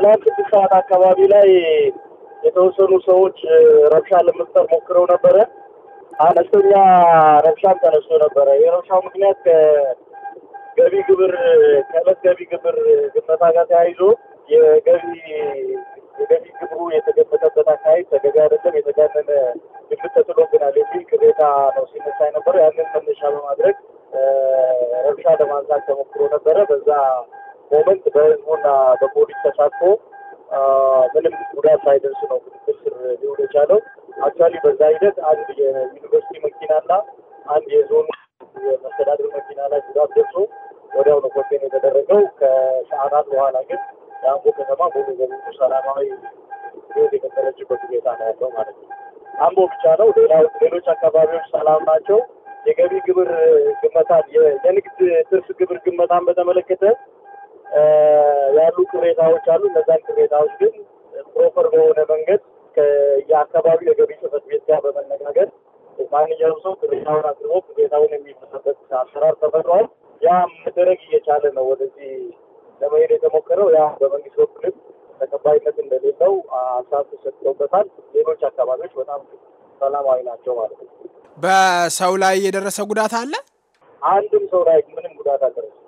ትናንት ስድስት ሰዓት አካባቢ ላይ የተወሰኑ ሰዎች ረብሻ ለመፍጠር ሞክረው ነበረ። አነስተኛ ረብሻም ተነስቶ ነበረ። የረብሻው ምክንያት ከገቢ ግብር ከእለት ገቢ ግብር ግመታ ጋር ተያይዞ የገቢ የገቢ ግብሩ የተገመተበት አካባቢ ተገቢ አይደለም፣ የተጋነነ ግምት ተጥሎብናል የሚል ቅሬታ ነው ሲነሳ ነበረ። ያንን መነሻ በማድረግ ረብሻ ለማንሳት ተሞክሮ ነበረ በዛ ሞመንት በህዝቡና በፖሊስ ተሳትፎ ምንም ጉዳት ሳይደርስ ነው ክትትል ስር ሊውል የቻለው። አክቹዋሊ በዛ ሂደት አንድ የዩኒቨርሲቲ መኪናና አንድ የዞኑ የመስተዳድር መኪና ላይ ጉዳት ደርሶ ወዲያው ነው ኮንቴን የተደረገው። ከሰዓታት በኋላ ግን የአንጎ ከተማ ሙሉ በሙሉ ሰላማዊ ህይወት የቀጠለችበት ሁኔታ ነው ያለው ማለት ነው። አምቦ ብቻ ነው። ሌሎች አካባቢዎች ሰላም ናቸው። የገቢ ግብር ግመታን የንግድ ትርፍ ግብር ግመታን በተመለከተ ያሉ ቅሬታዎች አሉ። እነዛን ቅሬታዎች ግን ፕሮፐር በሆነ መንገድ የአካባቢው የገቢ ጽሕፈት ቤት ጋር በመነጋገር ማንኛውም ሰው ቅሬታውን አቅርቦ ቅሬታውን የሚፈታበት አሰራር ተፈጥሯል። ያ መደረግ እየቻለ ነው። ወደዚህ ለመሄድ የተሞከረው ያ በመንግስት በኩልም ተቀባይነት እንደሌለው አሳብ ተሰጥቶበታል። ሌሎች አካባቢዎች በጣም ሰላማዊ ናቸው ማለት ነው። በሰው ላይ የደረሰ ጉዳት አለ? አንድም ሰው ላይ ምንም ጉዳት አልደረሰም።